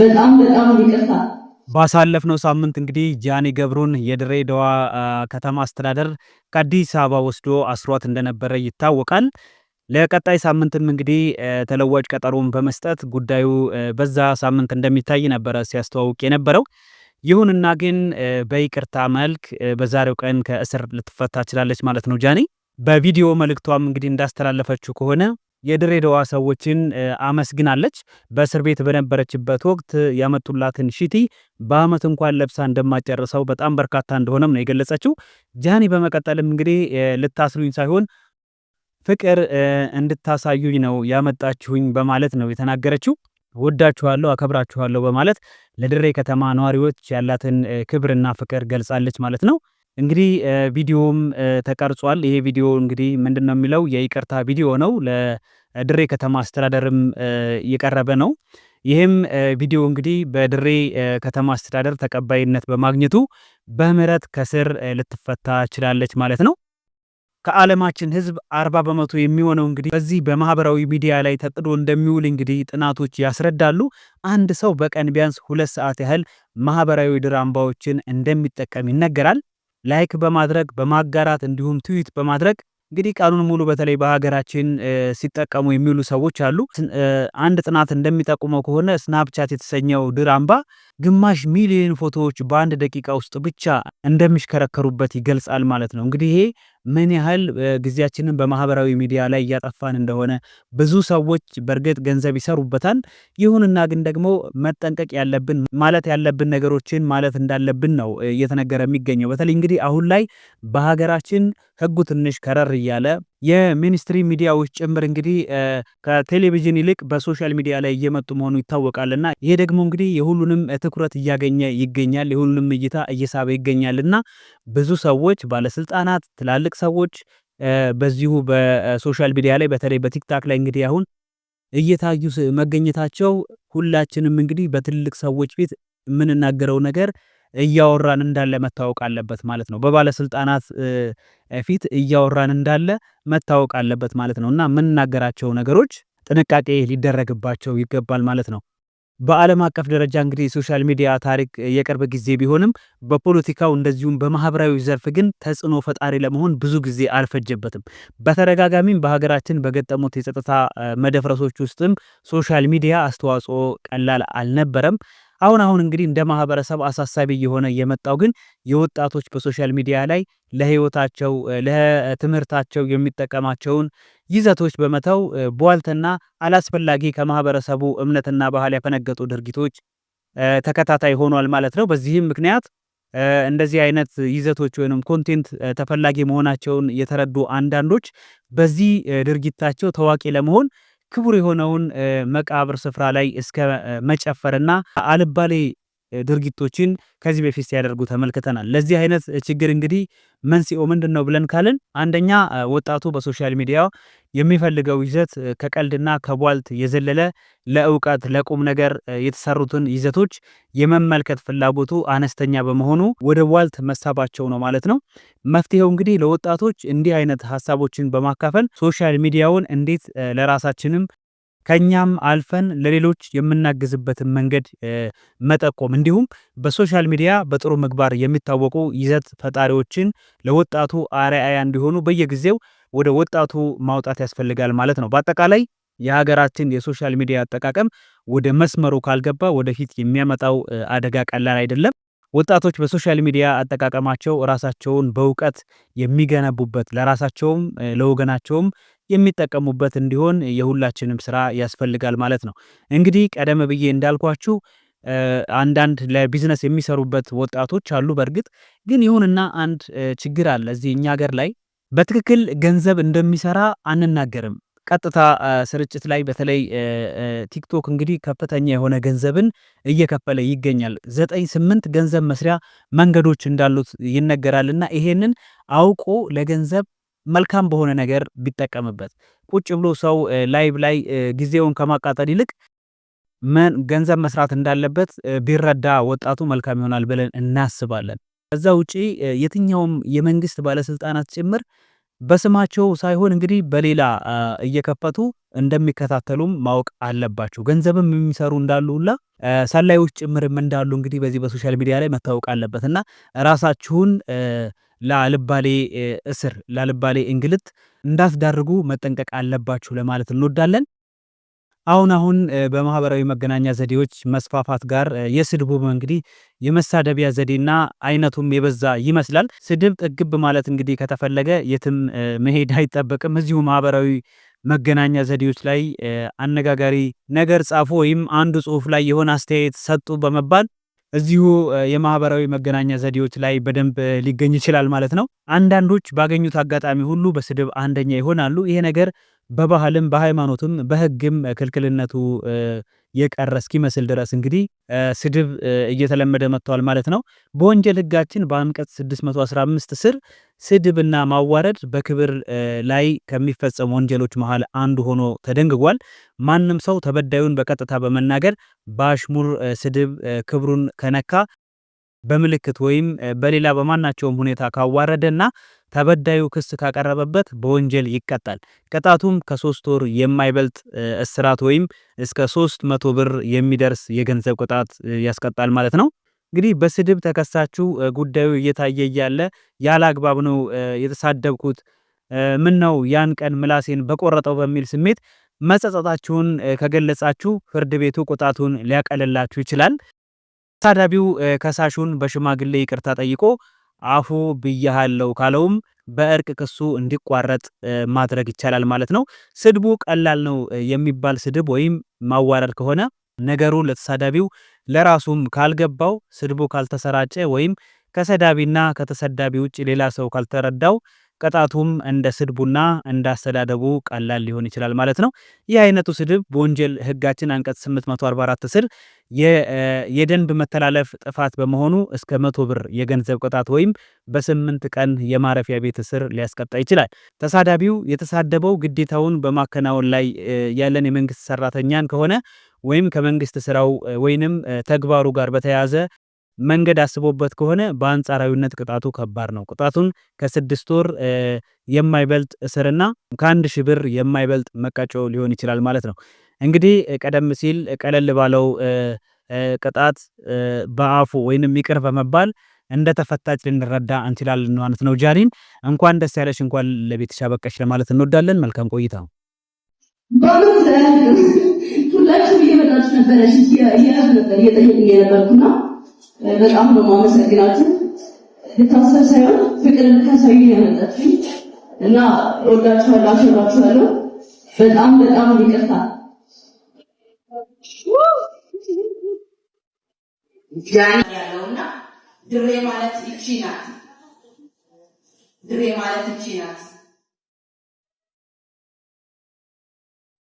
በጣም በጣም ይቅርታ። ባሳለፍነው ሳምንት እንግዲህ ጃኒ ገብሩን የድሬዳዋ ከተማ አስተዳደር ከአዲስ አበባ ወስዶ አስሯት እንደነበረ ይታወቃል። ለቀጣይ ሳምንትም እንግዲህ ተለዋጭ ቀጠሮን በመስጠት ጉዳዩ በዛ ሳምንት እንደሚታይ ነበረ ሲያስተዋውቅ የነበረው። ይሁንና ግን በይቅርታ መልክ በዛሬው ቀን ከእስር ልትፈታ ችላለች ማለት ነው። ጃኒ በቪዲዮ መልእክቷም እንግዲህ እንዳስተላለፈችው ከሆነ የድሬዳዋ ሰዎችን አመስግናለች። በእስር ቤት በነበረችበት ወቅት ያመጡላትን ሽቲ በአመት እንኳን ለብሳ እንደማጨርሰው በጣም በርካታ እንደሆነም ነው የገለጸችው። ጃኒ በመቀጠልም እንግዲህ ልታስሩኝ ሳይሆን ፍቅር እንድታሳዩኝ ነው ያመጣችሁኝ በማለት ነው የተናገረችው። ወዳችኋለሁ፣ አከብራችኋለሁ በማለት ለድሬ ከተማ ነዋሪዎች ያላትን ክብርና ፍቅር ገልጻለች ማለት ነው። እንግዲህ ቪዲዮም ተቀርጿል። ይሄ ቪዲዮ እንግዲህ ምንድን ነው የሚለው የይቅርታ ቪዲዮ ነው። ለድሬ ከተማ አስተዳደርም እየቀረበ ነው። ይህም ቪዲዮ እንግዲህ በድሬ ከተማ አስተዳደር ተቀባይነት በማግኘቱ በምህረት ከስር ልትፈታ ችላለች ማለት ነው። ከዓለማችን ህዝብ አርባ በመቶ የሚሆነው እንግዲህ በዚህ በማህበራዊ ሚዲያ ላይ ተጥዶ እንደሚውል እንግዲህ ጥናቶች ያስረዳሉ። አንድ ሰው በቀን ቢያንስ ሁለት ሰዓት ያህል ማህበራዊ ድራምባዎችን እንደሚጠቀም ይነገራል። ላይክ በማድረግ በማጋራት እንዲሁም ትዊት በማድረግ እንግዲህ ቀኑን ሙሉ በተለይ በሀገራችን ሲጠቀሙ የሚውሉ ሰዎች አሉ። አንድ ጥናት እንደሚጠቁመው ከሆነ ስናፕቻት የተሰኘው ድር አምባ ግማሽ ሚሊዮን ፎቶዎች በአንድ ደቂቃ ውስጥ ብቻ እንደሚሽከረከሩበት ይገልጻል ማለት ነው። እንግዲህ ይሄ ምን ያህል ጊዜያችንን በማህበራዊ ሚዲያ ላይ እያጠፋን እንደሆነ ብዙ ሰዎች በእርግጥ ገንዘብ ይሰሩበታል። ይሁንና ግን ደግሞ መጠንቀቅ ያለብን ማለት ያለብን ነገሮችን ማለት እንዳለብን ነው እየተነገረ የሚገኘው። በተለይ እንግዲህ አሁን ላይ በሀገራችን ህጉ ትንሽ ከረር እያለ የሚኒስትሪ ሚዲያዎች ጭምር እንግዲህ ከቴሌቪዥን ይልቅ በሶሻል ሚዲያ ላይ እየመጡ መሆኑ ይታወቃልና ይሄ ደግሞ እንግዲህ የሁሉንም ትኩረት እያገኘ ይገኛል፣ የሁሉንም እይታ እየሳበ ይገኛልና ብዙ ሰዎች፣ ባለስልጣናት፣ ትላልቅ ሰዎች በዚሁ በሶሻል ሚዲያ ላይ በተለይ በቲክታክ ላይ እንግዲህ አሁን እየታዩ መገኘታቸው ሁላችንም እንግዲህ በትልልቅ ሰዎች ፊት የምንናገረው ነገር እያወራን እንዳለ መታወቅ አለበት ማለት ነው። በባለስልጣናት ፊት እያወራን እንዳለ መታወቅ አለበት ማለት ነው እና የምንናገራቸው ነገሮች ጥንቃቄ ሊደረግባቸው ይገባል ማለት ነው። በዓለም አቀፍ ደረጃ እንግዲህ ሶሻል ሚዲያ ታሪክ የቅርብ ጊዜ ቢሆንም በፖለቲካው እንደዚሁም በማህበራዊ ዘርፍ ግን ተጽዕኖ ፈጣሪ ለመሆን ብዙ ጊዜ አልፈጀበትም። በተደጋጋሚም በሀገራችን በገጠሙት የጸጥታ መደፍረሶች ውስጥም ሶሻል ሚዲያ አስተዋጽኦ ቀላል አልነበረም። አሁን አሁን እንግዲህ እንደ ማህበረሰብ አሳሳቢ እየሆነ የመጣው ግን የወጣቶች በሶሻል ሚዲያ ላይ ለህይወታቸው ለትምህርታቸው የሚጠቀማቸውን ይዘቶች በመተው ቧልትና አላስፈላጊ ከማህበረሰቡ እምነትና ባህል ያፈነገጡ ድርጊቶች ተከታታይ ሆኗል ማለት ነው። በዚህም ምክንያት እንደዚህ አይነት ይዘቶች ወይም ኮንቴንት ተፈላጊ መሆናቸውን የተረዱ አንዳንዶች በዚህ ድርጊታቸው ታዋቂ ለመሆን ክቡር የሆነውን መቃብር ስፍራ ላይ እስከ መጨፈርና አልባሌ ድርጊቶችን ከዚህ በፊት ሲያደርጉ ተመልክተናል። ለዚህ አይነት ችግር እንግዲህ መንስኤው ምንድን ነው ብለን ካልን አንደኛ ወጣቱ በሶሻል ሚዲያ የሚፈልገው ይዘት ከቀልድና ከቧልት የዘለለ ለእውቀት ለቁም ነገር የተሰሩትን ይዘቶች የመመልከት ፍላጎቱ አነስተኛ በመሆኑ ወደ ቧልት መሳባቸው ነው ማለት ነው። መፍትሄው እንግዲህ ለወጣቶች እንዲህ አይነት ሀሳቦችን በማካፈል ሶሻል ሚዲያውን እንዴት ለራሳችንም ከኛም አልፈን ለሌሎች የምናግዝበትን መንገድ መጠቆም እንዲሁም በሶሻል ሚዲያ በጥሩ ምግባር የሚታወቁ ይዘት ፈጣሪዎችን ለወጣቱ አርአያ እንዲሆኑ በየጊዜው ወደ ወጣቱ ማውጣት ያስፈልጋል ማለት ነው። በአጠቃላይ የሀገራችን የሶሻል ሚዲያ አጠቃቀም ወደ መስመሩ ካልገባ ወደፊት የሚያመጣው አደጋ ቀላል አይደለም። ወጣቶች በሶሻል ሚዲያ አጠቃቀማቸው ራሳቸውን በእውቀት የሚገነቡበት ለራሳቸውም ለወገናቸውም የሚጠቀሙበት እንዲሆን የሁላችንም ስራ ያስፈልጋል ማለት ነው። እንግዲህ ቀደም ብዬ እንዳልኳችሁ አንዳንድ ለቢዝነስ የሚሰሩበት ወጣቶች አሉ። በእርግጥ ግን ይሁንና አንድ ችግር አለ እዚህ እኛ ሀገር ላይ በትክክል ገንዘብ እንደሚሰራ አንናገርም። ቀጥታ ስርጭት ላይ በተለይ ቲክቶክ እንግዲህ ከፍተኛ የሆነ ገንዘብን እየከፈለ ይገኛል። ዘጠኝ ስምንት ገንዘብ መስሪያ መንገዶች እንዳሉት ይነገራል እና ይሄንን አውቆ ለገንዘብ መልካም በሆነ ነገር ቢጠቀምበት ቁጭ ብሎ ሰው ላይቭ ላይ ጊዜውን ከማቃጠል ይልቅ ምን ገንዘብ መስራት እንዳለበት ቢረዳ ወጣቱ መልካም ይሆናል ብለን እናስባለን። ከዛ ውጪ የትኛውም የመንግስት ባለስልጣናት ጭምር በስማቸው ሳይሆን እንግዲህ በሌላ እየከፈቱ እንደሚከታተሉም ማወቅ አለባቸው። ገንዘብም የሚሰሩ እንዳሉ ሁላ ሰላዮች ጭምርም እንዳሉ እንግዲህ በዚህ በሶሻል ሚዲያ ላይ መታወቅ አለበት እና ራሳችሁን ላልባሌ እስር ላልባሌ እንግልት እንዳትዳርጉ መጠንቀቅ አለባችሁ ለማለት እንወዳለን። አሁን አሁን በማህበራዊ መገናኛ ዘዴዎች መስፋፋት ጋር የስድቡ እንግዲህ የመሳደቢያ ዘዴና አይነቱም የበዛ ይመስላል። ስድብ ጥግብ ማለት እንግዲህ ከተፈለገ የትም መሄድ አይጠበቅም። እዚሁ ማህበራዊ መገናኛ ዘዴዎች ላይ አነጋጋሪ ነገር ጻፉ ወይም አንዱ ጽሁፍ ላይ የሆነ አስተያየት ሰጡ በመባል እዚሁ የማህበራዊ መገናኛ ዘዴዎች ላይ በደንብ ሊገኝ ይችላል ማለት ነው። አንዳንዶች ባገኙት አጋጣሚ ሁሉ በስድብ አንደኛ ይሆናሉ። ይሄ ነገር በባህልም በሃይማኖትም በህግም ክልክልነቱ የቀረ እስኪመስል ድረስ እንግዲህ ስድብ እየተለመደ መጥተዋል ማለት ነው። በወንጀል ህጋችን በአንቀጽ 615 ስር ስድብና ማዋረድ በክብር ላይ ከሚፈጸሙ ወንጀሎች መሃል አንዱ ሆኖ ተደንግጓል። ማንም ሰው ተበዳዩን በቀጥታ በመናገር በአሽሙር ስድብ ክብሩን ከነካ በምልክት ወይም በሌላ በማናቸውም ሁኔታ ካዋረደና ተበዳዩ ክስ ካቀረበበት በወንጀል ይቀጣል። ቅጣቱም ከሶስት ወር የማይበልጥ እስራት ወይም እስከ ሶስት መቶ ብር የሚደርስ የገንዘብ ቅጣት ያስቀጣል ማለት ነው። እንግዲህ በስድብ ተከሳችሁ ጉዳዩ እየታየ እያለ ያለ አግባብ ነው የተሳደብኩት፣ ምን ነው ያን ቀን ምላሴን በቆረጠው በሚል ስሜት መጸጸታችሁን ከገለጻችሁ ፍርድ ቤቱ ቅጣቱን ሊያቀልላችሁ ይችላል። ተሳዳቢው ከሳሹን በሽማግሌ ይቅርታ ጠይቆ አፉ ብያሃለው ካለውም በእርቅ ክሱ እንዲቋረጥ ማድረግ ይቻላል ማለት ነው። ስድቡ ቀላል ነው የሚባል ስድብ ወይም ማዋረድ ከሆነ ነገሩ ለተሳዳቢው ለራሱም ካልገባው ስድቡ ካልተሰራጨ ወይም ከሰዳቢና ከተሰዳቢ ውጭ ሌላ ሰው ካልተረዳው ቅጣቱም እንደ ስድቡና እንደ አስተዳደቡ ቀላል ሊሆን ይችላል ማለት ነው። ይህ አይነቱ ስድብ በወንጀል ሕጋችን አንቀጽ 844 ስር የደንብ መተላለፍ ጥፋት በመሆኑ እስከ መቶ ብር የገንዘብ ቅጣት ወይም በስምንት ቀን የማረፊያ ቤት እስር ሊያስቀጣ ይችላል። ተሳዳቢው የተሳደበው ግዴታውን በማከናወን ላይ ያለን የመንግስት ሰራተኛን ከሆነ ወይም ከመንግስት ስራው ወይንም ተግባሩ ጋር በተያያዘ መንገድ አስቦበት ከሆነ በአንጻራዊነት ቅጣቱ ከባድ ነው። ቅጣቱን ከስድስት ወር የማይበልጥ እስርና ከአንድ ሺህ ብር የማይበልጥ መቀጮ ሊሆን ይችላል ማለት ነው። እንግዲህ ቀደም ሲል ቀለል ባለው ቅጣት በአፉ ወይንም ይቅር በመባል እንደ ተፈታች ልንረዳ እንችላለን ማለት ነው። ጃኒን እንኳን ደስ ያለሽ፣ እንኳን ለቤትሽ አበቃሽ ለማለት እንወዳለን። መልካም ቆይታ። ሁላችሁም እየመጣችሁ ነበረ ነበር እየጠየቅ የነበርኩና በጣም በማመሰግናት ልታሰብ ሳይሆን ፍቅር ልታሳዩ ያመጣችኝ እና እወዳችኋለሁ፣ አሸባችኋለሁ። በጣም በጣም ይቅርታ። ጃኒ ያለውና ድሬ ማለት እቺ ናት። ድሬ ማለት እቺ ናት።